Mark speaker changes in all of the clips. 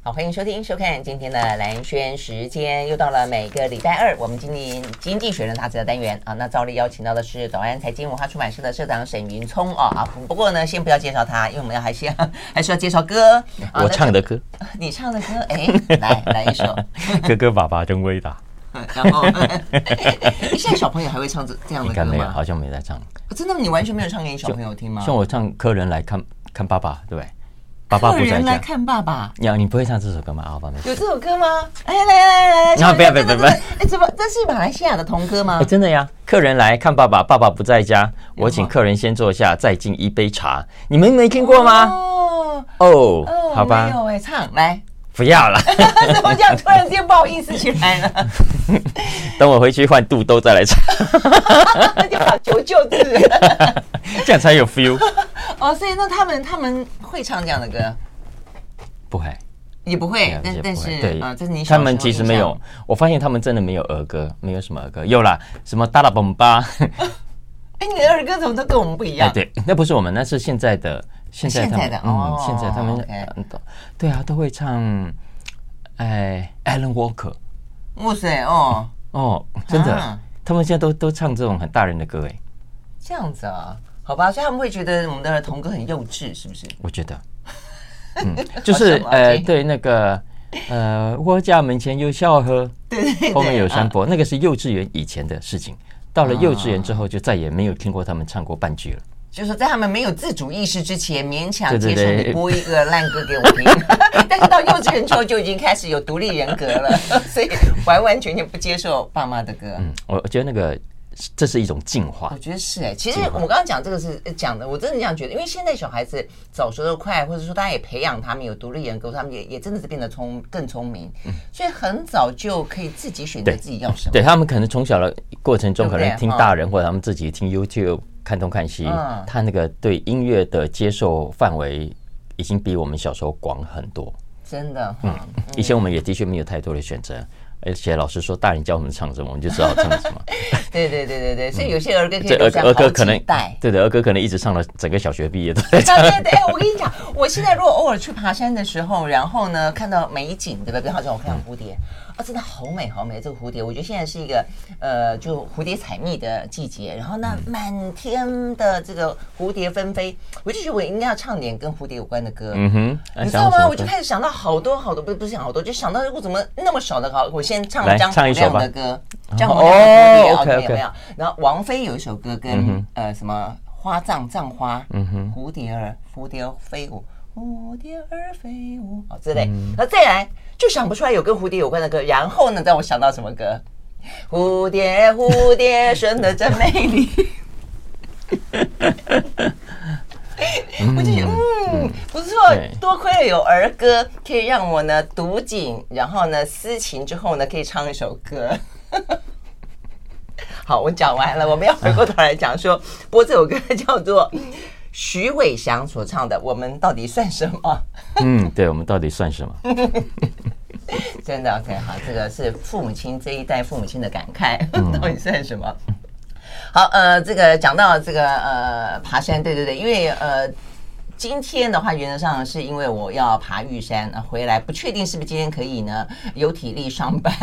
Speaker 1: 好，歡迎收聽收看今天的蘭萱時間，又到了每個禮拜二，我們今年經濟學人雜誌的單元啊。那照例邀請到的是早安財經文化出版社的社長沈雲驄哦、啊。不過呢，先不要介紹他，因為我們還需要還是要還是要介紹歌。我唱的歌，啊、 你唱的歌，哎， 來來一首《哥
Speaker 2: 哥爸爸真偉大。》 然後， 現在小朋友還會唱這這樣的歌嗎？沒有，好像沒在
Speaker 1: 唱。哦、真的嗎？你完全沒有唱給你小朋友聽嗎？像
Speaker 2: 我唱《客人來看看爸爸》，對。爸爸不在
Speaker 1: 家，客
Speaker 2: 人來看爸爸，你、啊、你不會唱這首歌嗎？好吧，有這
Speaker 1: 首歌嗎？哎，來來來來、啊、來，來，不要不要不要不要！哎，怎麼這是馬來西亞的童歌嗎、欸？真
Speaker 2: 的呀，客人來看爸爸，爸爸不在家，我請客人先坐下，再敬一杯茶。你們沒聽過嗎？哦、oh, 哦，好吧，
Speaker 1: 哦、唱來，
Speaker 2: 不要了，
Speaker 1: 怎 麼叫突然間不好意思起來呢？
Speaker 2: 等我回去換肚兜再來唱，
Speaker 1: 那就好求救字。
Speaker 2: 這樣才有 feel
Speaker 1: 哦，所以那他們他們會唱這樣的歌？
Speaker 2: 不會，
Speaker 1: 也不會。但會但是啊、呃，這是你他們其實沒有。
Speaker 2: 我發現他們真的沒有兒歌，沒有什麼兒歌。有啦，什麼達拉崩吧。
Speaker 1: 哎、 欸，你的兒歌怎麼都跟我們不一樣？哎、欸，對，
Speaker 2: 那不是我們，那是現在的，現在他們在的，嗯，的、哦、嗯，現在他們哎、okay 嗯，對啊，都會唱哎，Alan Walker。
Speaker 1: 哇塞，
Speaker 2: 哦、嗯、哦，真的、啊，他們現在都都唱這種很大人的歌哎，
Speaker 1: 這樣子啊、哦。好吧，所以他們會覺得我們的童歌很幼稚，是不是？
Speaker 2: 我覺得，嗯，就是、 okay? 呃，對那個呃，我家門前有小河， 對，對，對，對後面有山坡，啊、那個是幼稚園以前的事情。到了幼稚園之後，就再也沒有聽過他們唱過半句了、嗯
Speaker 1: 嗯。就是在他們沒有自主意識之前，勉強接受你播一個爛歌給我聽。對對對 但是到幼稚園之後，就已經開始有獨立人格了，所以完完全全不接受爸媽的歌。嗯，
Speaker 2: 我我覺得那個。這是一種進化，我
Speaker 1: 覺得是哎、欸。其實我們剛剛講這個是講的，我真的這樣覺得，因為現在小孩子早熟的快，或者說大家也培養他們有獨立人格，他們也也真的是變得聰更聰明，所以很早就可以自己選擇自己要什麼。對，對他
Speaker 2: 們可能從小的過程中，可能聽大人對對或者他們自己聽 YouTube、哦、看東看西、嗯，他那個對音樂的接受範圍已經比我們小時候廣很多，
Speaker 1: 真的、哦嗯。
Speaker 2: 嗯，以前我們也的確沒有太多的選擇。而且老師說，大人教我們唱什麼，我們就知道唱什麼。
Speaker 1: 對 對對對對，所以有些兒歌可以、嗯、兒歌可能
Speaker 2: 對對兒歌可能一直唱到整個小學畢業。 對對對，我跟你
Speaker 1: 講， 我現在如果偶爾去爬山的時候，然後呢，看到美景，對不對？比如好像我看到蝴蝶。嗯啊，真的好美好美！這個蝴蝶，我覺得現在是一個呃，就蝴蝶採蜜的季節。然後呢，滿、嗯、天的這個蝴蝶紛飛，我就覺得我應該要唱點跟蝴蝶有關的歌。嗯哼，你知道嗎？我就開始想到好多好多，不不是想好多，就想到我怎麼那麼少的好。我先唱張洪量的歌，張洪量的蝴蝶啊，有沒有？然後王菲有一首歌跟、嗯、呃什麼花葬葬花，嗯哼，蝴蝶兒蝴蝶兒飛舞，蝴蝶兒飛舞好、嗯、之類。那再來。就想不出來有跟蝴蝶有關的歌，然後呢，讓我想到什麼歌？蝴蝶，蝴蝶，生得真美
Speaker 3: 麗、 嗯。我就想
Speaker 1: 嗯，不錯、嗯，多虧了有兒歌，可以讓我呢讀景，然後呢思情，之後呢可以唱一首歌。 好，我講完了，我們要回過頭來講說，播這首歌叫做。徐偉祥所唱的《我們到底算什麼。》 嗯，
Speaker 2: 對，我們到底算什麼？
Speaker 1: 真的 OK，好，這個是父母親這一代父母親的感慨，嗯，到底算什麼？好，呃，這個講到這個呃爬山，對對對，因為呃今天的話，原則上是因為我要爬玉山，呃，回來，不確定是不是今天可以呢，有體力上班。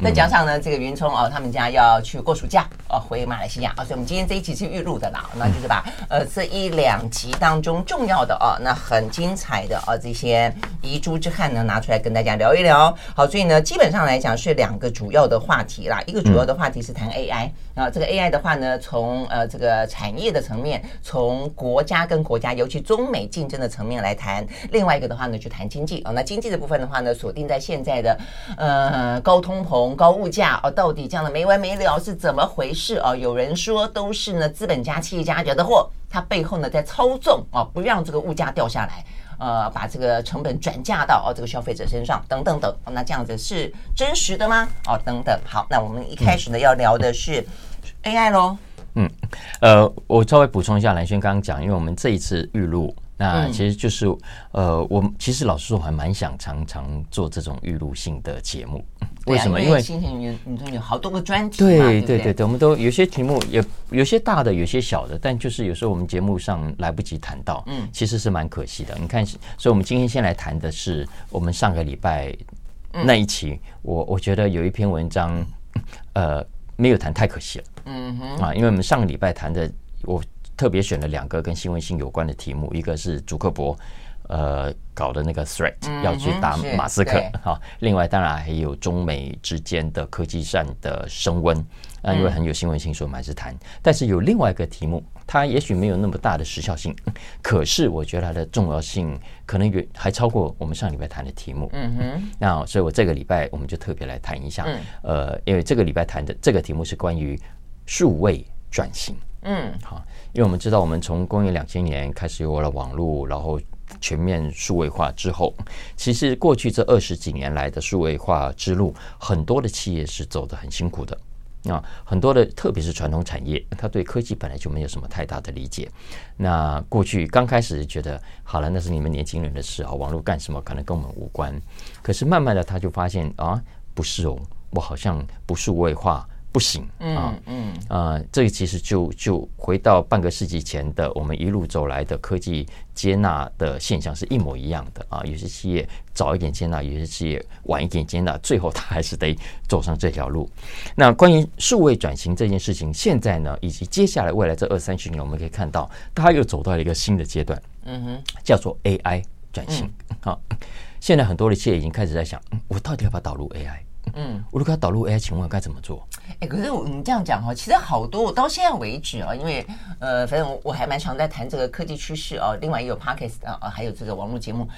Speaker 1: 那加上呢，這個雲驄哦，他們家要去過暑假哦，回馬來西亞。啊，所以我們今天這一集是預錄的啦，那就是把呃這一兩集當中重要的哦，那很精彩的啊、哦、這些遺珠之憾呢拿出來跟大家聊一聊。好，所以呢，基本上來講是兩個主要的話題啦，一個主要的話題是談 AI 啊，這個 AI 的話呢，從呃這個產業的層面，從國家跟國家，尤其中美競爭的層面來談；另外一個的話呢，就談經濟啊。那經濟的部分的話呢，鎖定在現在的呃高通。通膨高物價哦，到底這樣的沒完沒了是怎麼回事哦？有人說都是呢資本家、企業家惹的禍，他背後呢在操縱哦，不讓這個物價掉下來，呃，把這個成本轉嫁到哦這個消費者身上等等等、哦。那這樣子是真實的嗎？哦，等等。好，那我們一開始呢要聊的是 AI 嘍、嗯。嗯，
Speaker 2: 呃，我稍微補充一下蘭萱剛剛講，因為我們這一次預錄。那其實就是，呃，我其實老實說，我還蠻想常常做這種預錄性的節目。為什麼？因為你
Speaker 1: 說有好多個專題，對對對，我
Speaker 2: 們都有些題目有有些大的，有些小的，但就是有時候我們節目上來不及談到，嗯，其實是蠻可惜的。你看，所以我們今天先來談的是我們上個禮拜那一期，我我覺得有一篇文章，呃，沒有談太可惜了，嗯
Speaker 4: 哼，啊，因
Speaker 2: 為我們上個禮拜談的我。特別選了兩個跟新聞性有關的題目，一個是祖克伯，呃，搞的那個 threat 要去打馬斯克哈，另外當然還有中美之間的科技戰的升溫，啊，因為很有新聞性，所以還是談。但是有另外一個題目，它也許沒有那麼大的時效性，可是我覺得它的重要性可能遠還超過我們上禮拜談的題目。嗯哼，那所以我這個禮拜我們就特別來談一下，呃，因為這個禮拜談的這個題目是關於數位轉型。嗯，好。因為我們知道，我們從公元兩千年開始有了網絡，然後全面數位化之後，其實過去這二十幾年來的數位化之路，很多的企業是走得很辛苦的啊。很多的，特別是傳統產業，他對科技本來就沒有什麼太大的理解。那過去剛開始覺得，好了，那是你們年輕人的事啊，網絡幹什麼，可能跟我們無關。可是慢慢的，他就發現啊，不是哦，我好像不數位化。不行，啊、嗯嗯，呃，這個其實就就回到半個世紀前的我們一路走來的科技接納的現象是一模一樣的啊。有些企業早一點接納，有些企業晚一點接納，最後他還是得走上這條路。那關於數位轉型這件事情，現在呢，以及接下來未來這二三十年，我們可以看到，它又走到了一個新的階段，嗯哼，叫做 AI 轉型。好、嗯啊，現在很多的企業已經開始在想，嗯、我到底要不要導入 AI？嗯，我如果要導入 AI，請問該怎麼做？
Speaker 1: 哎，可是你這樣講哈，哦，其實好多我到現在為止啊，哦，因為呃，反正我，我還蠻常在談這個科技趨勢啊，另外也有 Podcast 啊，還有這個網絡節目。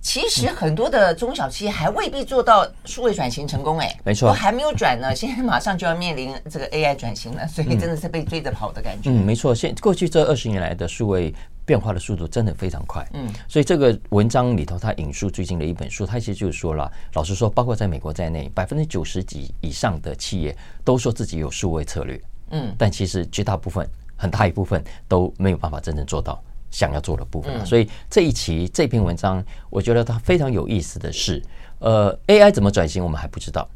Speaker 1: 其實很多的中小企業還未必做到數位轉型成功，欸，哎，嗯，沒錯，都還沒有轉呢。現在馬上就要面臨這個 AI 轉型了，所以真的是被追着跑的感覺。嗯，嗯
Speaker 2: 沒錯，現過去這二十年來的數位。變化的速度真的非常快，嗯，所以這個文章裡頭他引述最近的一本書，他其實就是說了，老實說，包括在美國在內，百分之九十幾以上的企業都說自己有數位策略，嗯，但其實絕大部分、很大一部分都沒有辦法真正做到想要做的部分。所以這一期這一篇文章，我覺得它非常有意思的是，呃，AI 怎麼轉型，我們還不知道。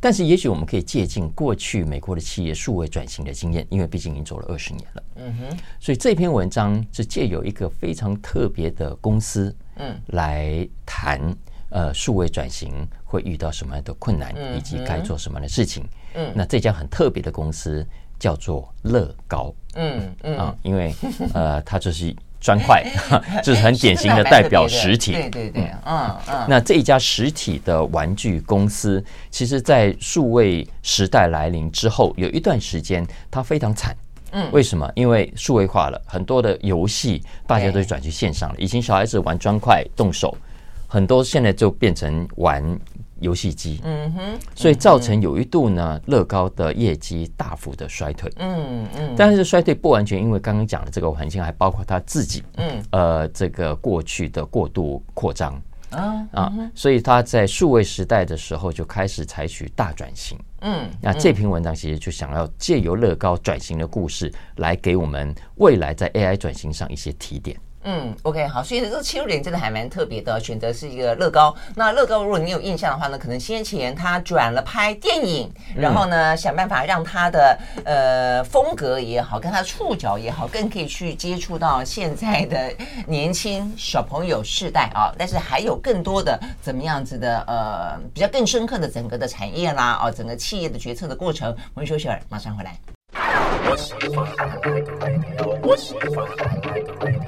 Speaker 2: 但是，也許我們可以借鑑過去美國的企業數位轉型的經驗，因為畢竟已經走了二十年了。嗯哼。所以這篇文章是借由一個非常特別的公司，嗯，來談呃數位轉型會遇到什麼樣的困難，嗯，以及該做什麼樣的事情。嗯。那這家很特別的公司叫做樂高。嗯嗯。啊，因為呃，它就是。磚塊， 就是很典型的代表實體。對對對，嗯嗯，嗯。那這一家實體的玩具公司，嗯、其實，在數位時代來臨之後，有一段時間它非常慘，嗯。為什麼？因為數位化了很多的遊戲，大家都轉去線上了。以前小孩子玩磚塊動手，很多現在就變成玩。遊戲機，嗯
Speaker 3: 哼，所
Speaker 2: 以造成有一度呢，嗯，樂高的業績大幅的衰退，嗯嗯，但是衰退不完全，因為剛剛講的這個環境還包括他自己，嗯，呃，這個過去的過度擴張，
Speaker 3: 嗯，啊啊、嗯，
Speaker 2: 所以他在數位時代的時候就開始採取大轉型，
Speaker 3: 嗯，那這篇
Speaker 2: 文章其實就想要借由樂高轉型的故事，來給我們未來在 AI 轉型上一些提點。
Speaker 1: 嗯，OK，好，所以這個切入點真的還蠻特別的，選擇是一個樂高。那樂高，如果你有印象的話呢，可能先前他轉了拍電影，嗯、然後呢想辦法讓他的呃風格也好，跟他觸角也好，更可以去接觸到現在的年輕小朋友世代啊。但是還有更多的怎麼樣子的呃，比較更深刻的整個的產業啦啊，整個企業的決策的過程。我們休息會兒，馬上回來。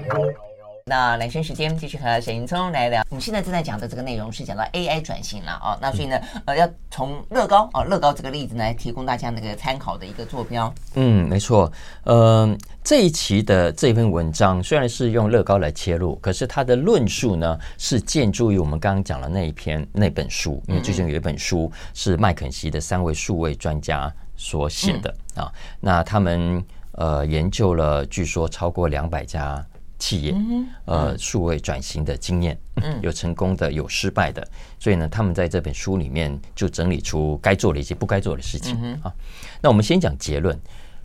Speaker 1: 那蘭萱時間，繼續和沈雲驄來聊。我們現在正在講的這個內容是講到 AI 轉型了哦。那所以呢，呃，要從樂高哦，樂高這個例子來提供大家那個參考的一個坐標。
Speaker 2: 嗯，沒錯。呃，這一期的這篇文章雖然是用樂高來切入，可是它的論述呢是建築於我們剛剛講的那一篇那本書。因為最近有一本書是麥肯錫的三位數位專家所寫的、嗯、啊。那他們呃研究了，據說超過兩百家。企業呃，數位轉型的經驗，有成功的，有失敗的，所以呢，他們在這本書裡面就整理出該做的一些、不該做的事情啊。那我們先講結論，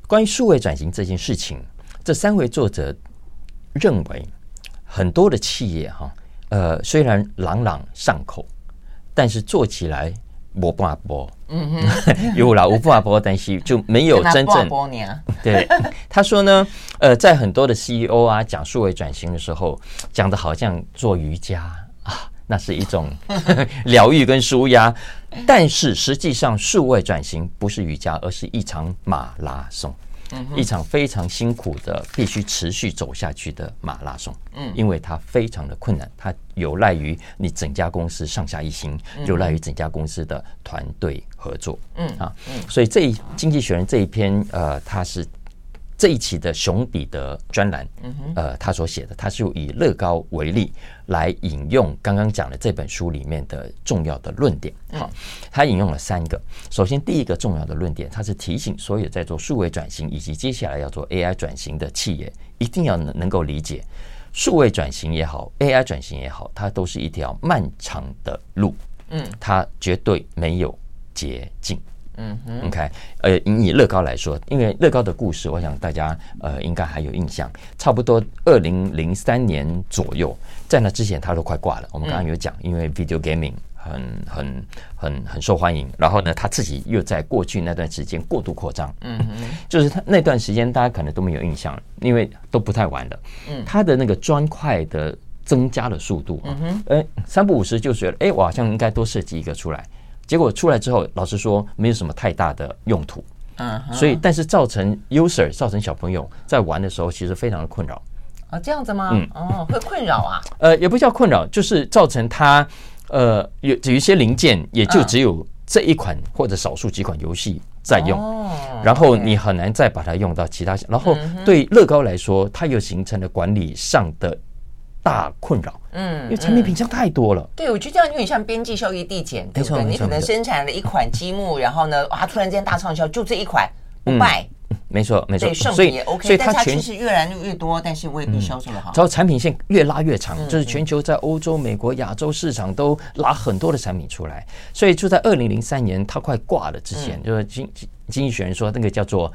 Speaker 2: 關於數位轉型這件事情，這三位作者認為，很多的企業哈、啊，呃，雖然朗朗上口，但是做起來。我不阿波，嗯、哼 有啦，我不阿波，但是就沒有真正。他 對他說呢，呃，在很多的 CEO 啊講數位轉型的時候，講的好像做瑜伽啊，那是一種療癒 跟舒壓，但是實際上數位轉型不是瑜伽，而是一場馬拉松。一場非常辛苦的、必須持續走下去的馬拉松。嗯，因為它非常的困難，它有賴於你整家公司上下一心，有賴於整家公司的團隊合作。嗯啊，所以這一《經濟學人》這一篇，呃，它是。這一期的熊彼得專欄，呃，他所寫的，他是以樂高為例來引用剛剛講的這本書裡面的重要的論點。好，嗯，他引用了三個。首先，第一個重要的論點，他是提醒所有在做數位轉型以及接下來要做 AI 轉型的企業，一定要能夠理解，數位轉型也好，AI 轉型也好，它都是一條漫長的路。嗯，它絕對沒有捷徑。嗯哼，OK，哼呃，以樂高來說，因為樂高的故事，我想大家呃應該還有印象。差不多二零零三年左右，在那之前他都快掛了。我們剛剛有講、嗯，因為 video gaming 很很很很受歡迎，然後呢，他自己又在過去那段時間過度擴張。嗯哼，就是他那段時間大家可能都沒有印象了，因為都不太玩了。嗯，他的那個磚塊的增加的速度，嗯哼，哎、呃，三不五時就覺得，哎、欸，我好像應該多設計一個出來。結果出來之後，老實說沒有什麼太大的用途，嗯、uh -huh.，所以但是造成 user 造成小朋友在玩的時候其實非常的困擾，啊、
Speaker 1: uh -huh.，這樣子嗎？嗯，哦、oh,，會困擾啊？
Speaker 2: 呃，也不叫困擾，就是造成它，呃，有有一些零件也就只有這一款、uh -huh. 或者少數幾款遊戲在用，哦、uh -huh.，然後你很難再把它用到其他，然後對樂高來說，它又形成了管理上的。大困擾，嗯，
Speaker 1: 因為產品品
Speaker 2: 項太多了，
Speaker 1: 嗯嗯。對，我覺得這樣有點像邊際效益遞減，對，對，沒錯，沒錯，沒錯，你可能生產了一款積木，然後呢，哇，突然間大暢銷，就這一款不賣。嗯。沒錯，沒錯。品 OK, 所以，所以也 OK，但它其實越來越多，但是未必銷售的好。然，嗯、後
Speaker 2: 產品線越拉越長，嗯，就是全球在歐洲、美國、亞洲市場都拉很多的產品出來。嗯，所以就在二零零三年它快掛了之前，嗯，就是經經濟學人說那個叫做。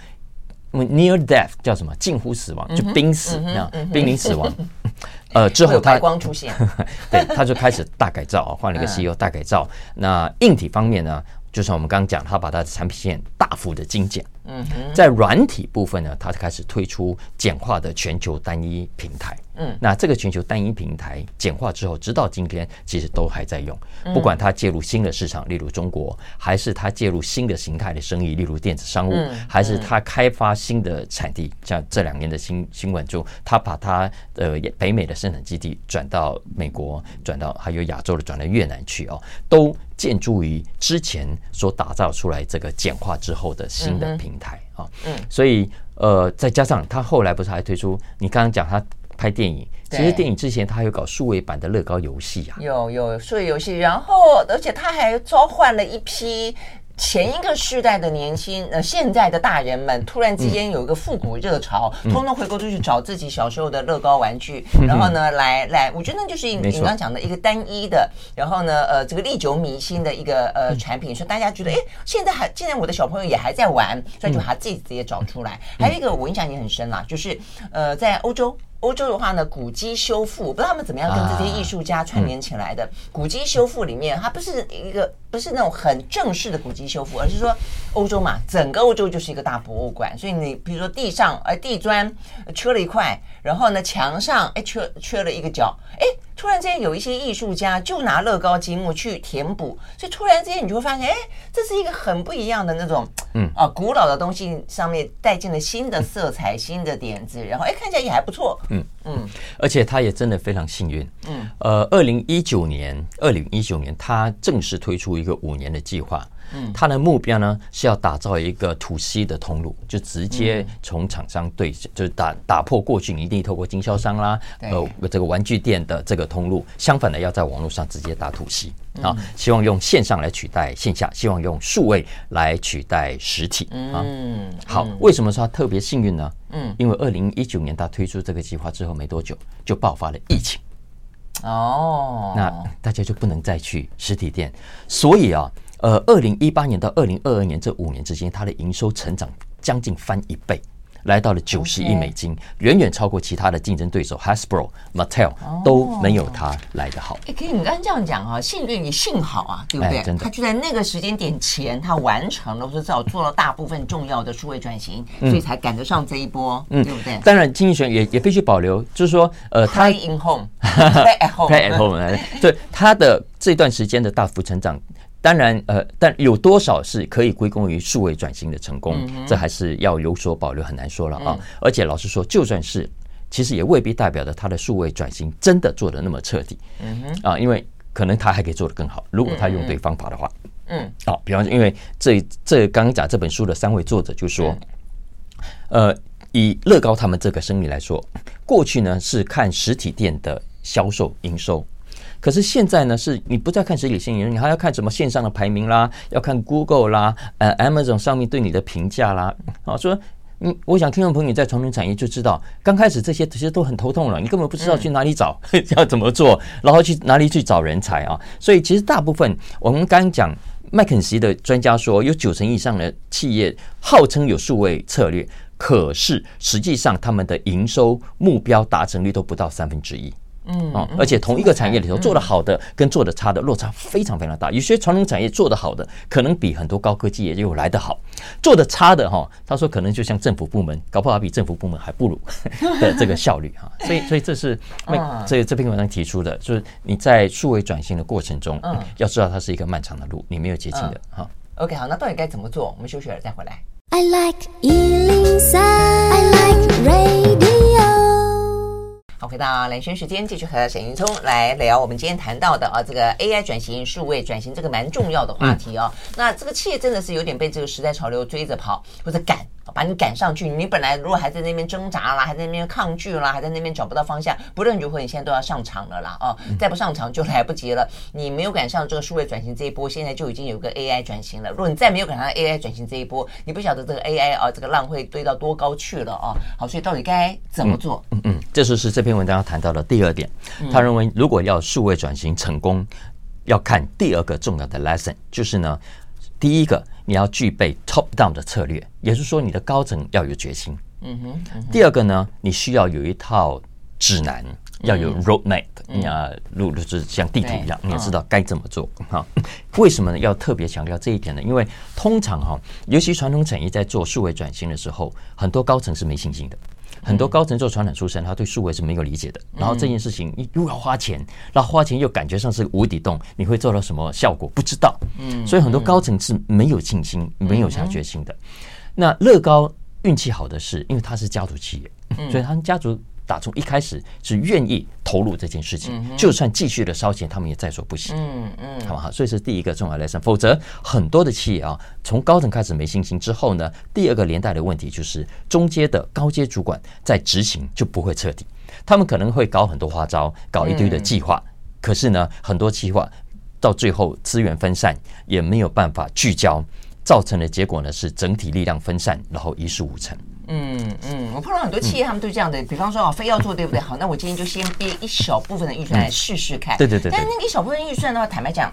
Speaker 2: Near death 叫什麼？近乎死亡，嗯、就瀕死啊，瀕、嗯嗯、臨死亡。 呃，之後他光出現， 對，他就開始大改造啊，換 了一個 CEO，大改造。嗯、那硬體方面呢，就像我們剛剛講，他把他的產品線大幅的精簡。嗯，在軟體部分呢，他就開始推出簡化的全球單一平台。嗯，那這個全球單一平台簡化之後，直到今天其實都還在用。不管它介入新的市場，例如中國，還是它介入新的形態的生意，例如電子商務，還是它開發新的產地，像這兩年的新新聞中，它把它的、呃、北美的生產基地轉到美國，轉到還有亞洲的轉到越南去哦，都建築於之前所打造出來這個簡化之後的新的平台啊。嗯，所以呃，再加上它後來不是還推出你剛剛講它。拍電影，其實電影之前他還有搞數位版的樂高遊戲啊，
Speaker 1: 有有數位遊戲，然後而且他還召喚了一批前一個世代的年輕呃，現在的大人們，突然之間有一個復古熱潮，通、嗯、通回國就去找自己小時候的樂高玩具，嗯、然後呢來來，我覺得就是你，你剛講的一個單一的，然後呢呃這個歷久彌新的一個呃產品，說大家覺得哎現在還現在我的小朋友也還在玩，所以就他自己直接找出來、嗯嗯。還有一個我印象也很深啊，就是呃在歐洲。歐洲的話呢，古蹟修復，不知道他們怎麼樣跟這些藝術家串聯起來的。啊嗯、古蹟修復裡面，它不是一個不是那種很正式的古蹟修復，而是說歐洲嘛，整個歐洲就是一個大博物館，所以你比如說地上呃地磚缺了一塊，然後呢牆上誒缺缺了一個角，誒。突然之間，有一些藝術家就拿樂高積木去填補，所以突然之間，你就會發現，哎、欸，這是一個很不一樣的那種，嗯啊，古老的東西上面帶進了新的色彩、新的點子，然後哎、欸，看起來也還不錯，嗯嗯，
Speaker 2: 而且他也真的非常幸運，嗯，呃，二零一九年，二零一九年他正式推出一個五年的計劃。他的目標呢是要打造一個吐息的通路，就直接從廠商對，嗯、就是打打破過去你一定透過經銷商啦，呃，這個玩具店的這個通路。相反的，要在網絡上直接打吐息啊，希望用線上來取代線下，希望用數位來取代實體、嗯、啊。
Speaker 3: 好、嗯，為什麼
Speaker 2: 說他特別幸運呢？嗯，因為二零一九年他推出這個計劃之後沒多久就爆發了疫情，
Speaker 3: 哦，那
Speaker 2: 大家就不能再去實體店，所以啊。呃，二零一八年到二零二二年這五年之間，它的營收成長將近翻一倍，來到了九十億美金，okay.，遠遠超過其他的競爭對手 Hasbro、Mattel、oh. 都沒有他來得好。哎，
Speaker 1: 欸，可以，你剛剛這樣講啊，幸運也幸好啊，對不對？欸，真的，他就在那個時間點前，他完成了，或是至少做了大部分重要的數位轉型，所以才趕得上這一波，嗯，對不對？當
Speaker 2: 然選，經濟學人也也必須保留，就是說，呃 Play at
Speaker 1: home，Play at home，
Speaker 2: 對 at home ,、right? 他的這段時間的大幅成長。當然，呃，但有多少是可以歸功於數位轉型的成功？這還是要有所保留，很難說了啊。而且老實說，就算是，其實也未必代表着他的數位轉型真的做得那麼徹底。嗯哼，啊，因為可能他還可以做得更好，如果他用對方法的話。
Speaker 3: 嗯，
Speaker 2: 啊，比方說，因為這這剛剛講這本書的三位作者就說，呃，以樂高他們這個生意來說，過去呢是看實體店的銷售營收。可是現在呢，是你不再看實體性，你還要看什麼線上的排名啦，要看 Google 啦，呃，Amazon 上面對你的評價啦。啊，說嗯，我想聽眾朋友在傳統產業就知道，剛開始這些其實都很頭痛了，你根本不知道去哪裡找，嗯、 要怎麼做，然後去哪裡去找人才啊。所以其實大部分我們剛剛講麥肯錫的專家說，有九成以上的企業號稱有數位策略，可是實際上他們的營收目標達成率都不到三分之一。
Speaker 3: 嗯,嗯，而且同一個產業裡頭，做的好
Speaker 2: 的跟做的差的落差非常非常大。有些傳統產業做的好的，可能比很多高科技業又來得好。做的差的哈，他說可能就像政府部門，搞不好比政府部門還不如的這個效率哈。所以，所以這是所以這這篇文章提出的，就是你在數位轉型的過程中，嗯，要知道它是一個漫長的路，你沒有捷徑的哈、
Speaker 1: 嗯嗯嗯。OK，好，那到底該怎麼做？我們休息了再回來。I like 103, I like Radio 好，回到蘭萱時間繼續和沈雲驄來聊我們今天談到的啊，這個 AI 轉型、數位轉型這個蠻重要的話題、嗯、哦。那這個企業真的是有點被這個時代潮流追着跑或者趕，把你趕上去。你本來如果還在那邊掙扎啦，還在那邊抗拒啦，還在那邊找不到方向，不論如何，你現在都要上場了啦啊！再不上場就來不及了。你沒有趕上這個數位轉型這一波，現在就已經有個 AI 轉型了。如果你再沒有趕上 AI 轉型這一波，你不曉得這個 AI 啊，這個浪會堆到多高去了啊！好，所以到底該怎麼做？嗯嗯。
Speaker 2: 嗯這是是這篇文章要談到的第二點。他認為，如果要數位轉型成功，嗯，要看第二個重要的 lesson，就是呢，第一個你要具備 top down 的策略，也就是說你的高層要有決心嗯。
Speaker 3: 嗯哼。第二
Speaker 2: 個呢，你需要有一套指南，要有 roadmap，嗯、啊，路，嗯、就是像地圖一樣，你也知道該怎麼做。哈，嗯， 為什麼呢要特別強調這一點呢？ 因為通常哈，哦，尤其傳統產業在做數位轉型的時候，很多高層是沒信心的。很多高層做傳統出身，他對數位是沒有理解的。然後這件事情又要花錢，那花錢又感覺上是無底洞，你會做到什麼效果不知道。嗯，所以很多高層是沒有信心、沒有下決心的。那樂高運氣好的是，因為他是家族企業，所以他們家族。打從一開始是願意投入這件事情，就算繼續的燒錢，他們也在所不惜。嗯嗯，好不好？所以是第一個重要的 Lesson。否則，很多的企業啊，從高層開始沒信心之後呢，第二個連帶的問題就是中階的高階主管在執行就不會徹底，他們可能會搞很多花招，搞一堆的計劃，可是呢，很多計劃到最後資源分散，也沒有辦法聚焦，造成的結果呢是整體力量分散，然後一事無成。
Speaker 1: 嗯嗯，我碰到很多企業，他們都這樣的。比方說啊、哦，非要做，對不對？好，那我今天就先撥一小部分的預算來試試看。對對對。但是那個一小部分預算的話，坦白講，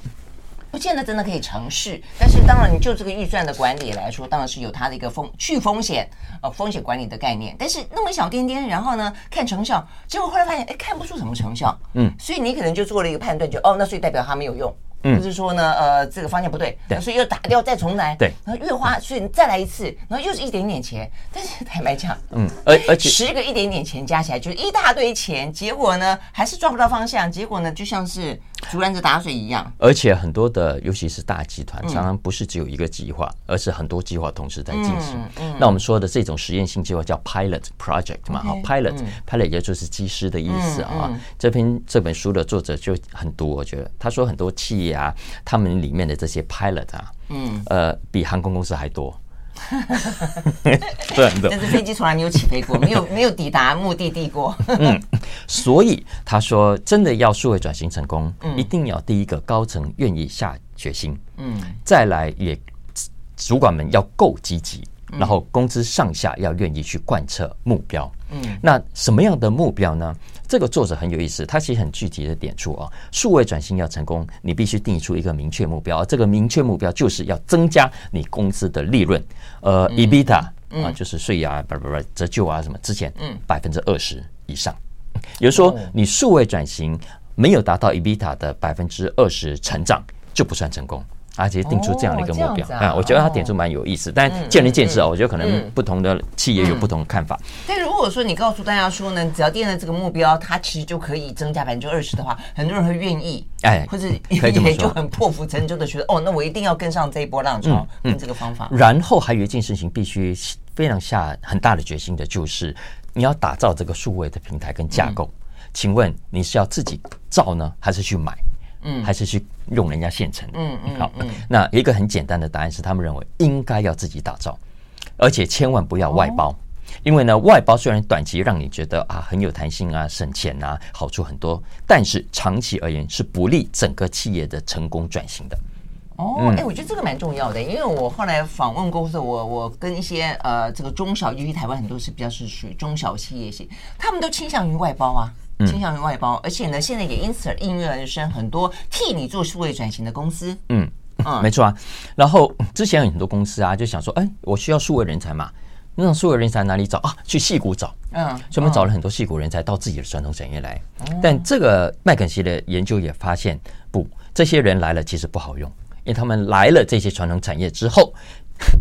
Speaker 1: 不見得真的可以成事。但是，當然，你就這個預算的管理來說，當然是有它的一個風去風險呃，風險管理的概念。但是那麼一小點點，然後呢，看成效，結果後來發現，哎、欸，看不出什麼成效。嗯。所以你可能就做了一個判斷，就哦，那所以代表它沒有用。就是說呢，呃，這個方向不對，嗯、所以又打掉又再重來。對，然後越花，所以你再來一次，然後又是一點點錢，但是坦白講，嗯，而而且十個一點點錢加起來就是一大堆錢，結果呢還是抓不到方向，結果呢就像是，竹籃子打水一
Speaker 2: 樣，而且很多的，尤其是大集團，常常不是只有一個計劃，而是很多計劃同時在進行，嗯嗯。那我們說的這種實驗性計劃叫 pilot project 嘛，好 pilot、pilot pilot 也就是機師的意思啊。這篇這本書的作者就很多，我覺得他說很多企業啊，他們裡面的這些 pilot 啊，嗯，呃，比航空公司還多。哈，對對，但是飛機
Speaker 1: 從來沒有起飛過，沒有沒有抵達目的地過。 嗯，
Speaker 2: 所以他說，真的要數位轉型成功，一定要第一個高層願意下決心，嗯，再來也主管們要夠積極，然後公司上下要願意去貫徹目標。嗯，那什麼樣的目標呢？這個作者很有意思，他其實很具體的點出啊，數位轉型要成功，你必須定出一個明確目標。這個明確目標就是要增加你公司的利潤，嗯，呃、嗯，EBITDA 啊，就是稅啊，不不不，折舊啊什麼，之前嗯百分之二十以上。也就是說，你數位轉型沒有達到 EBITDA 的百分之二十成長，就不算成功。而、啊、且定出這樣的一個目標，啊、嗯，我覺得他點出蠻有意思，嗯、但見仁見智哦、嗯。我覺得可能不同的企業有不同的看法。嗯
Speaker 1: 嗯、但如果說你告訴大家說呢，只要定了這個目標，它其實就可以增加百分之二十的話，很多人會願意，哎，或者、嗯、也就很破釜沉舟的覺得、嗯，哦，那我一定要跟上這一波浪潮，嗯、跟這個方法、嗯嗯。
Speaker 2: 然後還有一件事情必須非常下很大的決心的，就是你要打造這個數位的平台跟架構、嗯。請問你是要自己造呢，還是去買？嗯，還是去用人家現成的。嗯嗯，好，那一個很簡單的答案是，他們認為應該要自己打造，而且千萬不要外包，因為呢，外包雖然短期讓你覺得啊很有彈性啊、省錢啊，好處很多，但是長期而言是不利整個企業的成功轉型的。
Speaker 1: 哦，哎，我覺得這個蠻重要的，因為我後來訪問公司，我我跟一些呃這個中小，尤其台灣很多是比較是屬於中小企業型，他們都傾向於外包啊。傾向於外包，而且呢，現在也因此應運而生很多替你做數位轉型的公司。
Speaker 2: 嗯嗯，沒錯啊。然後之前有很多公司啊，就想說，哎、欸，我需要數位人才嘛？那種數位人才哪裡找啊？去矽谷找。嗯，
Speaker 3: 所以我們找了
Speaker 2: 很多矽谷人才到自己的傳統產業來。嗯、但這個麥肯錫的研究也發現，不，這些人來了其實不好用，因為他們來了這些傳統產業之後，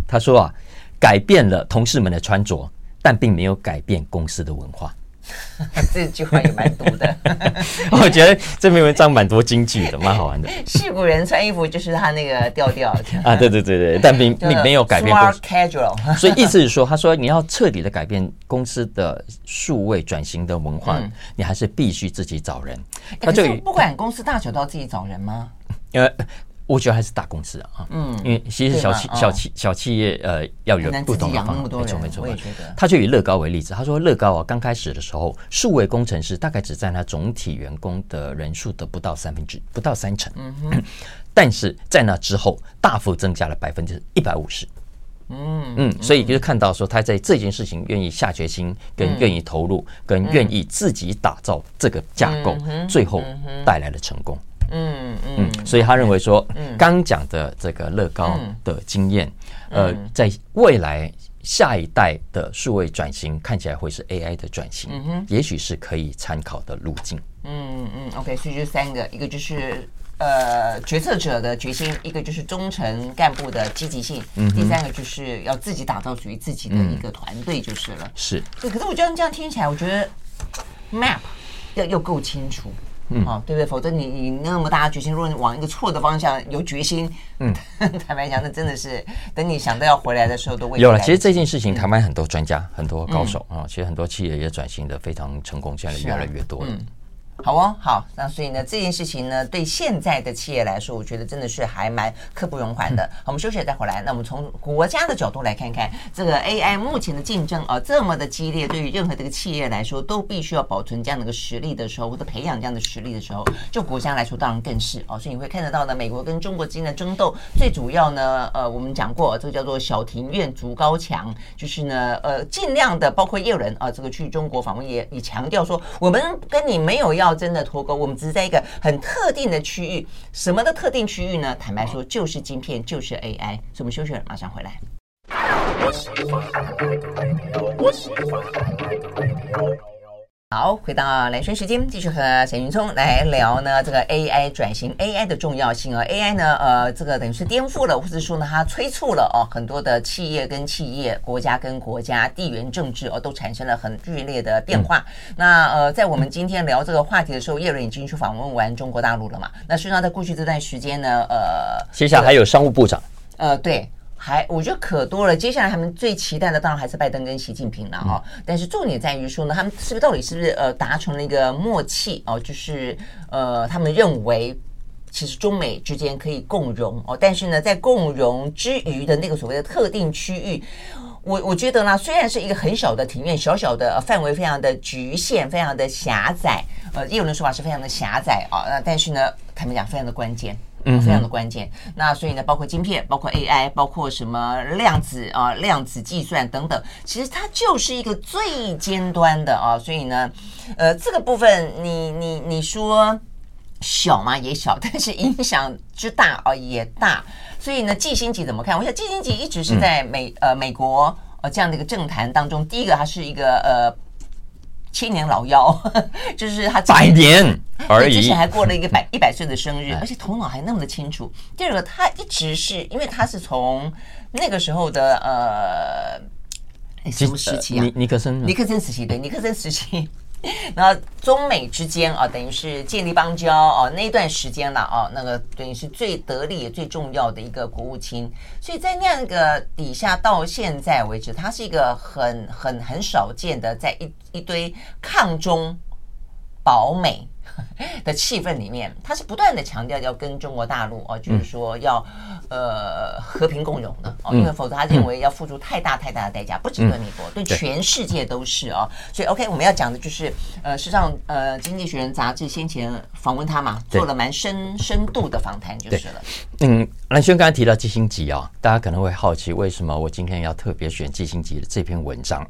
Speaker 2: 他說啊，改變了同事們的穿着，但並沒有改變公司的文化。 這句話也蠻毒的， 我覺得這篇文章蠻多金句的，蠻好玩的
Speaker 1: 復古人穿衣服就是他那個調調的 啊，
Speaker 2: 對對對對，但並並 沒有改變。
Speaker 1: 所以意思
Speaker 2: 是說，他說你要徹底的改變公司的數位轉型的文化，嗯、你還是必須自己找人。
Speaker 1: 哎、欸，他就是不管公司大小都要自己找人嗎？因、
Speaker 2: 呃、為。我覺得還是大公司啊，嗯，因為其實小企小企小企，小企業呃要有不同的方法。多人，沒錯沒錯，我覺得，他就以樂高為例子，他說樂高啊，剛開始的時候，數位工程師大概只占他總體員工的人數的不到三分之不到三成，嗯哼，但是在那之後大幅增加了百分之一百五十，
Speaker 3: 嗯嗯，所以
Speaker 2: 就是看到說他在這件事情願意下決心，跟願意投入，跟願意自己打造這個架構，最後帶來了成功，嗯。嗯嗯，所以他認為說，剛講的這個樂高的經驗，
Speaker 1: 嗯嗯嗯，呃，
Speaker 2: 在未來下一代的數位轉型看起來會是 AI 的轉型，嗯哼，也許是可以參考的路徑。嗯
Speaker 1: 嗯，OK，所以就三個，一個就是呃決策者的決心，一個就是忠誠幹部的積極性，嗯，第三個就是要自己打造屬於自己的一個團隊就是了。嗯、是，可可是我覺得這樣聽起來，我覺得 MAP 要要夠清楚。嗯、哦，對不對？否則你你那麼大決心，如果你往一個錯的方向有決心，嗯， 坦白講，那真的是等你想到要回來的時候都會有了。其實這件事情，台
Speaker 2: 灣很多專家、嗯、很多高手啊、嗯，其實很多企業也轉型的非常成功，現在越來越多了。
Speaker 1: 好哦，好，那所以呢，這件事情呢，對現在的企業來說，我覺得真的是還蠻刻不容緩的好。我們休息再回來，那我們從國家的角度來看看這個 AI 目前的競爭啊、呃，這麼的激烈，對於任何這個企業來說，都必須要保存這樣的一個實力的時候，或者培養這樣的實力的時候，就國家來說，當然更是哦。所以你會看得到呢，美國跟中國之間的爭鬥，最主要呢，呃，我們講過這個叫做小庭院築高牆，就是呢，呃，儘量的包括葉倫啊、呃，這個去中國訪問也也強調說，我們跟你沒有要。要真的脫鈎，我們只是在一個很特定的區域，什麼的特定區域呢？坦白說，就是晶片，就是 AI。所以我們休息了，馬上回來。 好，回到蘭萱時間，繼續和沈雲驄來聊呢，這個 AI 轉型，AI 的重要性啊，AI 呢，呃，這個等於是顛覆了，或者說呢，它催促了哦，很多的企業跟企業、國家跟國家、地緣政治哦，都產生了很劇烈的變化。嗯、那呃，在我們今天聊這個話題的時候，葉倫已經去訪問完中國大陸了嘛？那實際上在過去這段時間呢，呃，接下來還
Speaker 2: 有商務部長，
Speaker 1: 呃，對。還我覺得可多了，接下來他們最期待的當然還是拜登跟習近平了哦，嗯。但是重點在於說呢，他們是不是到底是不是呃達成了一個默契哦？就是呃，他們認為其實中美之間可以共榮哦。但是呢，在共榮之餘的那個所謂的特定區域，我我覺得呢，雖然是一個很小的庭院，小小的範圍，非常的局限，非常的狹窄。呃，也有人說法是非常的狹窄啊。那、哦，但是呢，坦白講非常的關鍵。嗯，非常的關鍵。那所以呢，包括芯片，包括 AI，包括什麼量子啊，量子計算等等，其實它就是一個最尖端的啊。所以呢，呃，這個部分你你你說小嘛也小，但是影響之大啊也大。所以呢，季辛吉怎麼看？我想季辛吉一直是在美呃美國呃、啊、這樣的一個政壇當中，第一個它是一個呃。千年老妖， 就是他百年而已。之前還過了一個百一百歲的生日， 而且頭腦還那麼的清楚。 第二個，他一直是因為他是從那個時候的呃
Speaker 2: 什麼時期啊？呃、尼克森尼克森
Speaker 1: 時期，對，尼克森時期。那中美之間啊，等於是建立邦交哦。那段時間了哦、啊，那個等於是最得力也最重要的一個國務卿，所以在那樣一個底下，到現在為止，他是一個很很很少見的，在一一堆抗中保美，的氣氛裡面，他是不斷的強調要跟中國大陸哦，就是說要呃和平共榮的哦，因為否則他認為要付出太大太大的代價，嗯，不只對美國，嗯，對全世界都是哦。所以 OK，我們要講的就是呃，實際上呃，《經濟學人》雜誌先前訪問他嘛，做了蠻深深度的訪談就是了，
Speaker 2: 嗯。蘭萱剛剛提到《季辛吉、哦》啊，大家可能會好奇為什麼我今天要特別選《季辛吉》的這篇文章，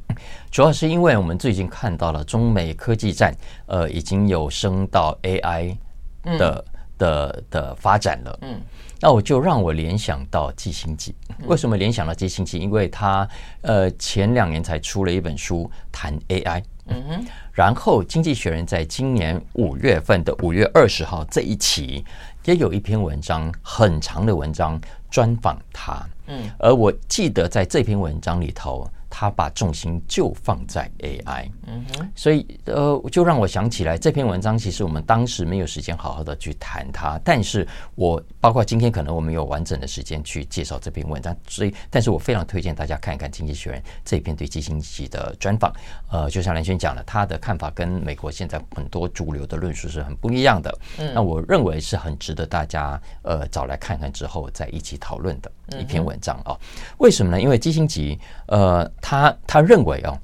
Speaker 2: 主要是因為我們最近看到了中美科技戰，呃，已經有升到 AI 的、嗯、的的，的發展了。嗯，那我就讓我聯想到《季辛吉》，為什麼聯想到《季辛吉》？因為他呃前兩年才出了一本書談 AI。嗯，嗯
Speaker 3: 哼。
Speaker 2: 然後《經濟學人》在今年五月份的五月二十號這一期。也有一篇文章，很長的文章專訪他，
Speaker 3: 嗯，
Speaker 2: 而我記得在這篇文章裡頭。他把重心就放在 AI，嗯
Speaker 3: 哼，
Speaker 2: 所以呃，就讓我想起來這篇文章，其實我們當時沒有時間好好的去談它，但是我包括今天可能我們有完整的時間去介紹這篇文章，所以，但是我非常推薦大家看一看經濟學人這篇對季辛吉的專訪。呃，就像蘭萱講了，他的看法跟美國現在很多主流的論述是很不一樣的，嗯，那我認為是很值得大家呃找來看看之後再一起討論的。一篇文章啊？為什麼呢？因為季辛吉呃，他他認為啊，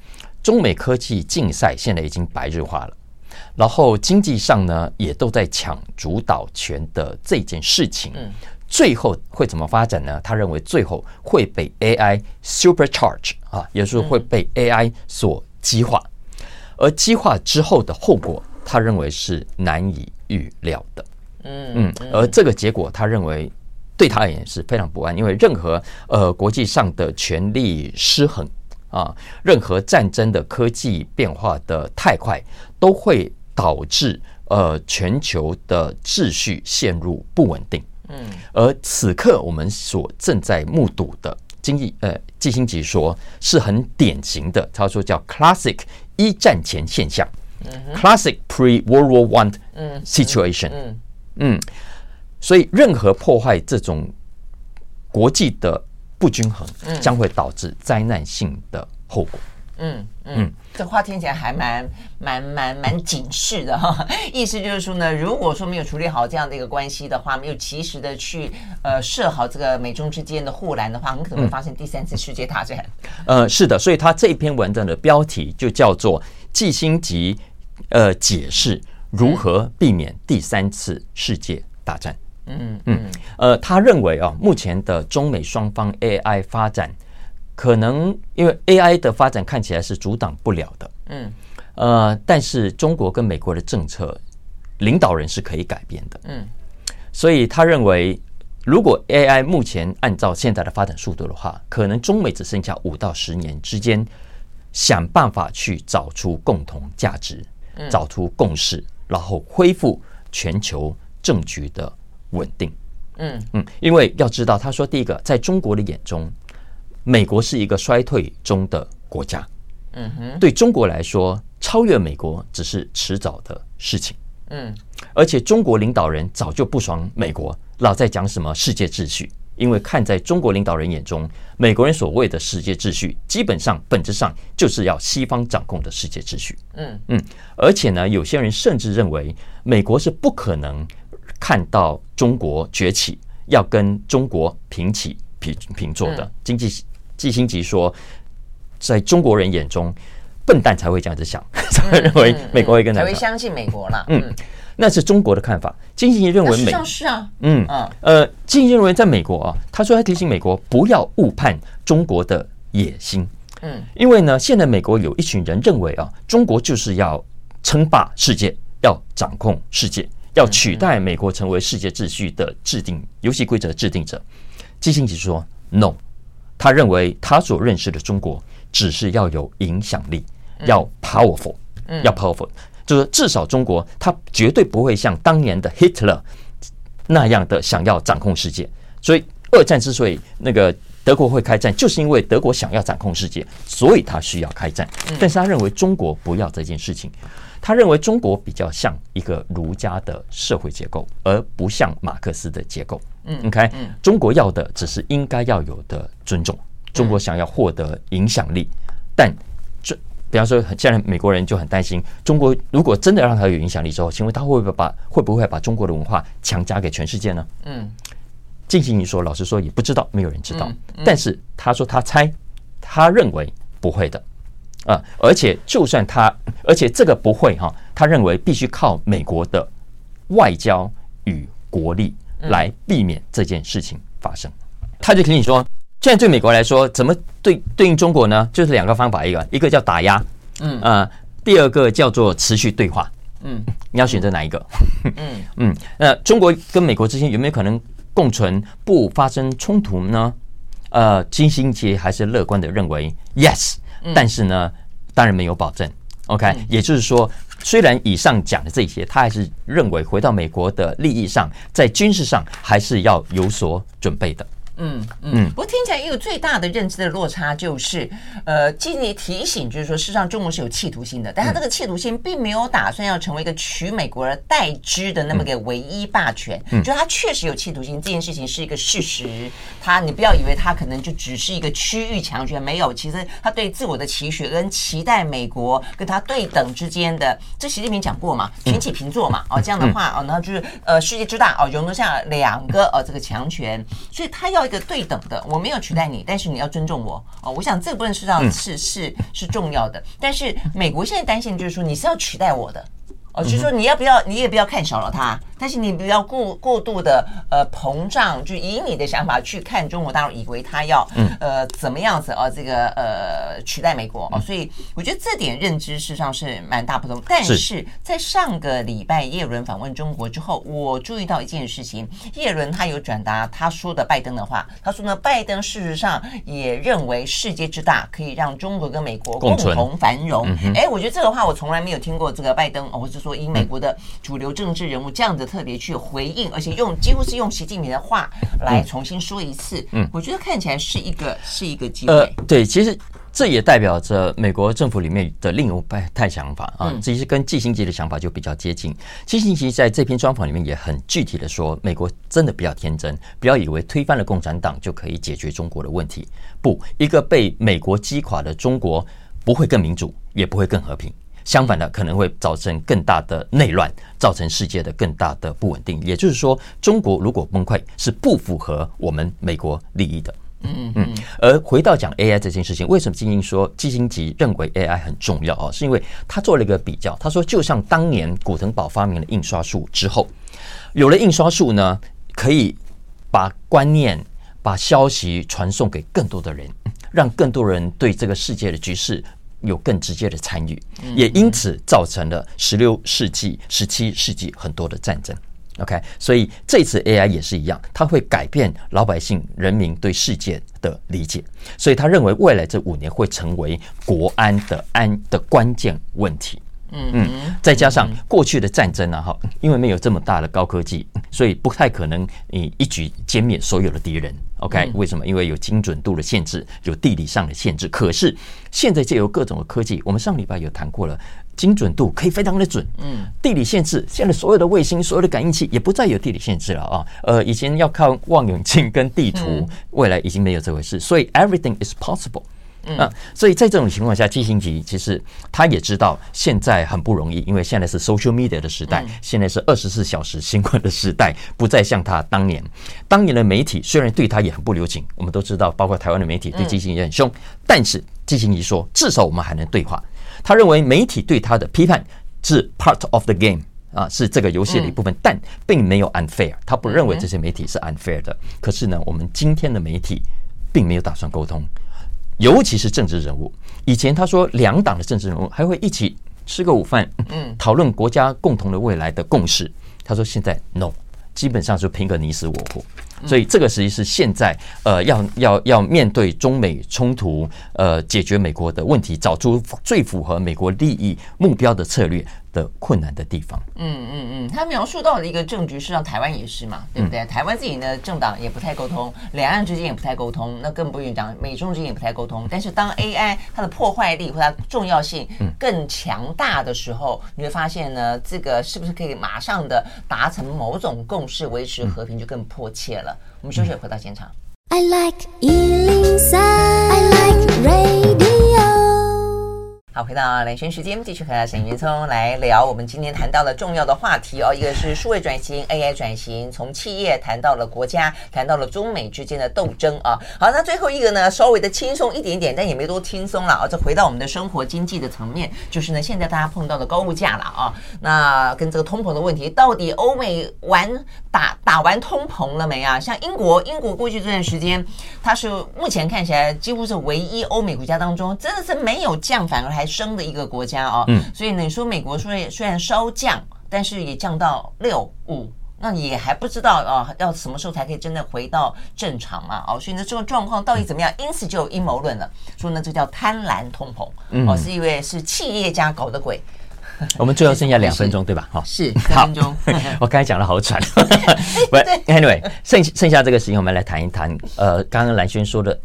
Speaker 2: 中美科技競賽現在已經白熱化了，然後經濟上呢也都在搶主導權的這件事情，最後會怎麼發展呢？他認為最後會被 AI supercharge 啊，也就是會被 AI 所激化，而激化之後的後果，他認為是難以預料的，嗯嗯，而這個結果，他認為。對他而言是非常不安，因為任何呃國際上的權力失衡啊，任何戰爭的科技變化的太快，都會導致呃全球的秩序陷入不穩定。嗯，而此刻我們所正在目睹的，經濟呃季辛吉說是很典型的，他說叫 classic 一戰前現象，
Speaker 3: 嗯、，classic
Speaker 2: pre World War One
Speaker 3: situation 嗯。嗯。嗯
Speaker 2: 嗯。所以，任何破壞這種國際的不均衡，將會導致災難性的後果嗯。嗯
Speaker 1: 嗯，這話聽起來還蠻蠻蠻蠻警示的哈。意思就是說呢，如果說沒有處理好這樣的一個關係的話，沒有及時的去呃設好這個美中之間的護欄的話，很可能會發生第三次世界大戰，嗯嗯嗯嗯。
Speaker 2: 呃，是的，所以他這一篇文章的標題就叫做《季辛吉》。呃，解釋如何避免第三次世界大戰。嗯嗯嗯，呃，他認為啊、哦，目前的中美雙方 AI 發展，可能因為 AI 的發展看起來是阻擋不了的。嗯，呃，但是中國跟美國的政策，領導人是可以改變的。嗯，所以他認為，如果 AI 目前按照現在的發展速度的話，可能中美只剩下五到十年之間，想辦法去找出共同價值，嗯，找出共識，然後恢復全球政局的穩定，嗯嗯，因為要知道，他說第一個，在中國的眼中，美國是一個衰退中的國家，嗯
Speaker 3: 哼，對
Speaker 2: 中國來說，超越美國只是遲早的事情，嗯，而且中國領導人早就不爽美國，老在講什麼世界秩序，因為看在中國領導人眼中，美國人所謂的世界秩序，基本上本質上就是要西方掌控的世界秩序，嗯嗯，而且呢，有些人甚至認為美國是不可能。看到中國崛起，要跟中國平起平平坐的。季辛季辛吉說，在中國人眼中，笨蛋才會這樣子想，嗯、才會認為美國會跟、嗯、才會
Speaker 1: 相信美國啦、嗯。
Speaker 2: 嗯，那是中國的看法。季辛吉認為美
Speaker 1: 是，是
Speaker 2: 啊，嗯，嗯，嗯呃，季辛吉認為在美國啊，他說他提醒美國不要誤判中國的野心。嗯，因為呢，現在美國有一群人認為啊，中國就是要稱霸世界，要掌控世界。要取代美國成為世界秩序的制定、遊戲規則制定者，季辛吉說 “No”，他認為他所認識的中國只是要有影響力，要 powerful，要 powerful，就是至少中國他絕對不會像當年的 Hitler 那樣的想要掌控世界，所以二戰之所以那個德國會開戰，就是因為德國想要掌控世界，所以他需要開戰，但是他認為中國不要這件事情。他認為中國比較像一個儒家的社會結構，而不像馬克思的結構。嗯，OK，中國要的只是應該要有的尊重。中國想要獲得影響力，但這，比方說，現在美國人就很擔心，中國如果真的讓他有影響力之後，請問他會不會把會不會把中國的文化強加給全世界呢？嗯，季辛吉說，老實說也不知道，沒有人知道。但是他說他猜，他認為不會的。呃，而且就算他，而且這個不會哈，他認為必須靠美國的外交與國力來避免這件事情發生。嗯、他就跟你說，現在對美國來說，怎麼對對應中國呢？就是兩個方法，一個一個叫打壓，嗯，呃，第二個叫做持續對話，嗯，你要選擇哪一個？
Speaker 3: 嗯
Speaker 2: 嗯，那中國跟美國之間有沒有可能共存不發生衝突呢？呃，季辛吉還是樂觀的認為，yes。但是呢，當然沒有保證。OK，嗯，也就是說，雖然以上講的這些，他還是認為回到美國的利益上，在軍事上還是要有所準備的。嗯嗯，
Speaker 1: 不過聽起來也有最大的認知的落差就是，呃，季辛吉提醒，就是說，事實上中國是有企圖心的，但他這個企圖心並沒有打算要成為一個取美國而代之的那麼一個唯一霸權。嗯、就就他確實有企圖心，這件事情是一個事實。他，你不要以為他可能就只是一個區域強權，沒有，其實他對自我的期許跟期待，美國跟他對等之間的，這習近平講過嘛，平起平坐嘛，嗯，哦，這樣的話，哦，然後就是呃，世界之大哦，容得下兩個哦，這個強權，所以他要。一個對等的，我沒有取代你，但是你要尊重我。哦，我想這部分是是是是重要的，但是美國現在擔心就是說，你是要取代我的哦，就是說你要不要，你也不要看小了他。但是你不要過過度的呃膨脹，就以你的想法去看中國大陸，當以為他要呃怎麼樣子啊？這個呃取代美國啊、嗯？所以我覺得這點認知事實上是蠻大不同。但是在上個禮拜葉倫訪問中國之後，我注意到一件事情，葉倫他有轉達他說的拜登的話，他說呢，拜登事實上也認為世界之大可以讓中國跟美國共同繁榮。哎、嗯欸，我覺得這個話我從來沒有聽過，這個拜登或、哦、我是說以美國的主流政治人物這樣子。特別去回應，而且用幾乎是用習近平的話來重新說一次。嗯，嗯我覺得看起來是一個是一個機會。呃，
Speaker 2: 對，其實這也代表着美國政府裡面的另一派想法啊，嗯，其實跟季辛吉的想法就比較接近。季辛吉在這篇專訪裡面也很具體的說，美國真的比較天真，不要以為推翻了共產黨就可以解決中國的問題。不，一個被美國擊垮的中國不會更民主，也不會更和平。相反的，可能會造成更大的內亂，造成世界的更大的不穩定。也就是說，中國如果崩潰，是不符合我們美國利益的。嗯嗯
Speaker 3: 嗯。
Speaker 2: 而回到講 AI 這件事情，為什麼基辛吉說基辛吉認為 AI 很重要啊？是因為他做了一個比較，他說就像當年古騰堡發明了印刷術之後，有了印刷術呢，可以把觀念、把消息傳送給更多的人，讓更多人對這個世界的局勢。有更直接的參與，也因此造成了十六世紀、十七世紀很多的戰爭。OK，所以這次 AI 也是一樣，它會改變老百姓、人民對世界的理解。所以他認為未來這五年會成為國安的安的關鍵問題。嗯嗯，再加上過去的戰爭啊，哈、嗯，因為沒有這麼大的高科技，所以不太可能你一舉殲滅所有的敵人。OK、嗯、為什麼？因為有精準度的限制，有地理上的限制。可是現在就有各種的科技，我們上禮拜有談過了，精準度可以非常的準。嗯，地理限制，現在所有的衛星、所有的感應器也不再有地理限制了啊。呃，以前要靠望遠鏡跟地圖，未來已經沒有這回事。所以，everything is possible。嗯、啊，所以在這種情況下，季辛吉其實他也知道現在很不容易，因為現在是 social media 的時代，嗯、現在是二十四小時新聞的時代，不再像他當年。當年的媒體雖然對他也很不留情，我們都知道，包括台灣的媒體對季辛吉也很兇。嗯、但是季辛吉說，至少我們還能對話。他認為媒體對他的批判是 part of the game，啊，是這個遊戲的一部分，嗯，但並沒有 unfair。他不認為這些媒體是 unfair 的，嗯。可是呢，我們今天的媒體並沒有打算溝通。尤其是政治人物，以前他說兩黨的政治人物還會一起吃個午飯，嗯，討論國家共同的未來的共識。他說現在 no，基本上是拼個你死我活。所以這個實際是現在呃要要要面對中美衝突，呃，解決美國的問題，找出最符合美國利益目標的策略。的困難的地方，嗯
Speaker 1: 嗯嗯，他描述到的一個證據是讓台灣也是嘛，對不對？嗯、台灣自己呢，政黨也不太溝通，兩岸之間也不太溝通，那更不用講美中之間也不太溝通。但是當 AI 它的破壞力和它重要性更強大的時候，嗯，你會發現呢，這個是不是可以馬上的達成某種共識，維持和平就更迫切了。嗯，我們休息，回到現場。I
Speaker 4: like inside, I like radio.
Speaker 1: 好，回到蘭萱時間，繼續和沈雲驄，驄來聊。我們今天談到的重要的話題哦，一個是數位轉型，AI 轉型，從企業談到了國家，談到了中美之間的鬥爭啊。好，那最後一個呢，稍微的輕鬆一點點，但也沒多輕鬆了啊。這回到我們的生活經濟的層面，就是呢，現在大家碰到的高物價了啊。那跟這個通膨的問題，到底歐美完，打打完通膨了沒啊？像英國，英國過去這段時間，它是目前看起來幾乎是唯一歐美國家當中，真的是沒有降反，反而還。還生的一個國家啊，嗯，所以呢，你說美國雖然雖然稍降，但是也降到六五，那你還不知道啊，要什麼時候才可以真的回到正常嘛。哦，所以呢，這種狀況到底怎麼樣？因此就有陰謀論了，說呢這叫貪婪通膨，哦，是因為是企業家搞的鬼、嗯。 我們最後剩下兩分鐘對吧？好，是三分鐘 。
Speaker 2: 我剛才講的好喘。 Anyway，剩剩下這個時間，我們來談一談呃，剛剛蘭萱說的。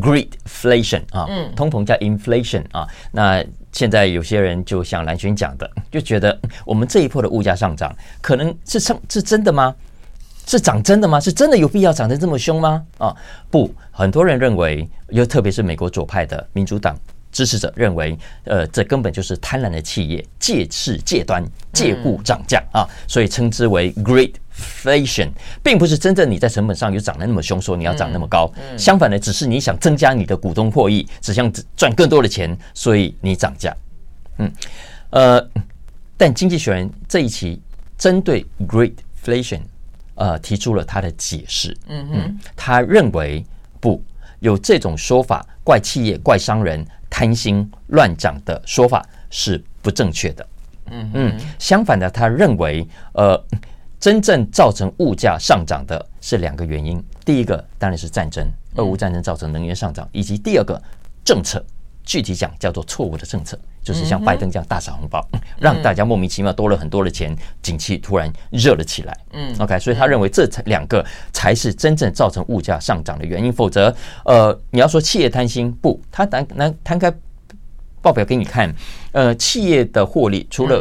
Speaker 2: Greedflation 啊，通膨叫 inflation、嗯、啊。那現在有些人就像蘭萱講的，就覺得我們這一波的物價上漲，可能是上是真的嗎？是漲真的嗎？是真的有必要漲得這麼凶嗎？啊，不，很多人認為，又特別是美國左派的民主黨，支持者認為，呃，這根本就是貪婪的企業借勢借端借故漲價、嗯、啊，所以稱之為 “Greedflation”，並不是真正你在成本上有漲得那麼凶，說你要漲那麼高。嗯嗯、相反的，只是你想增加你的股東獲益，只想賺更多的錢，所以你漲價。嗯，呃，但經濟學人這一期針對 “Greedflation” 呃提出了他的解釋。嗯嗯，他認為不有這種說法，怪企業怪商人。貪心亂漲的說法是不正確的。
Speaker 4: 嗯嗯，
Speaker 2: 相反的，他認為，呃，真正造成物價上漲的是兩個原因。第一個當然是戰爭，俄烏戰爭造成能源上漲，以及第二個政策，具體講叫做錯誤的政策。就是像拜登這樣大撒紅包，讓大家莫名其妙多了很多的錢，景氣突然熱了起來。嗯，OK，所以他認為這兩個才是真正造成物價上漲的原因。否則，呃，你要說企業貪心，不，他拿拿攤開報表給你看，呃，企業的獲利除了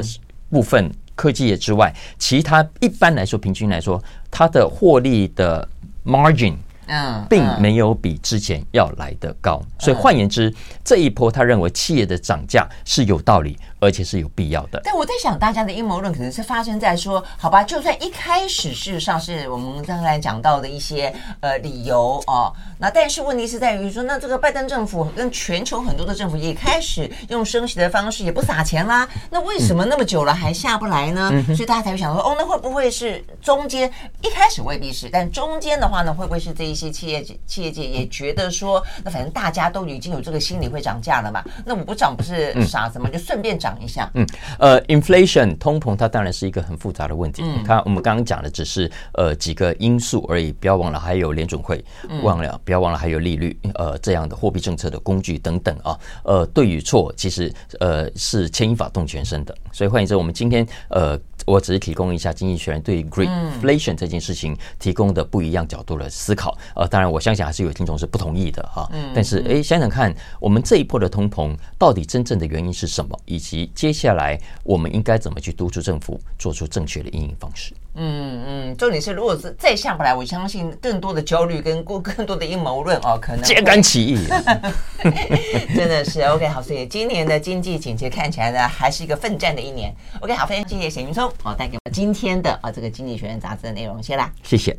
Speaker 2: 部分科技業之外，其他一般來說平均來說，它的獲利的 margin。嗯，並沒有比之前要來得高，所以換言之，這一波他認為企業的漲價是有道理。而且是有必要的。
Speaker 1: 但我在想，大家的陰謀論可能是發生在說，好吧，就算一開始事實上是我們剛才講到的一些呃理由哦，那但是問題是在於說，那這個拜登政府跟全球很多的政府一開始用升息的方式也不撒錢啦，那為什麼那麼久了還下不來呢？嗯、所以大家才會想說，哦，那會不會是中間一開始未必是，但中間的話呢，會不會是這一些企業企業界也覺得說，那反正大家都已經有這個心理會漲價了嘛，那我不漲不是傻子嗎？嗯、就順便漲。講
Speaker 2: 一下，嗯，呃，inflation 通膨，它當然是一個很複雜的問題。嗯、它我們剛剛講的只是呃幾個因素而已，不要忘了還有聯準會、嗯，忘了，不要忘了還有利率，呃，這樣的貨幣政策的工具等等啊。呃，對與錯，其實呃是牽一髮動全身的。所以換言之，我們今天呃，我只是提供一下經濟學人對 greedflation 這件事情提供的不一樣角度的思考。嗯、呃，當然我相信還是有聽眾是不同意的哈、啊嗯。但是哎，想、欸、想看，我們這一波的通膨到底真正的原因是什麼，以及接下來我們應該怎麼去督促政府做出正確的運營方式？
Speaker 1: 嗯嗯，重點是如果是再下不來，我相信更多的焦慮跟過更多的陰謀論哦，可能揭竿起義、啊。 真的是 OK 好，所以今年的經濟景氣看起來呢，還是一個奮戰的一年。OK 好，非常謝謝沈云聰哦，帶給我們今天的啊、哦、這個《經濟學人》雜誌的內容，謝啦，
Speaker 2: 謝謝。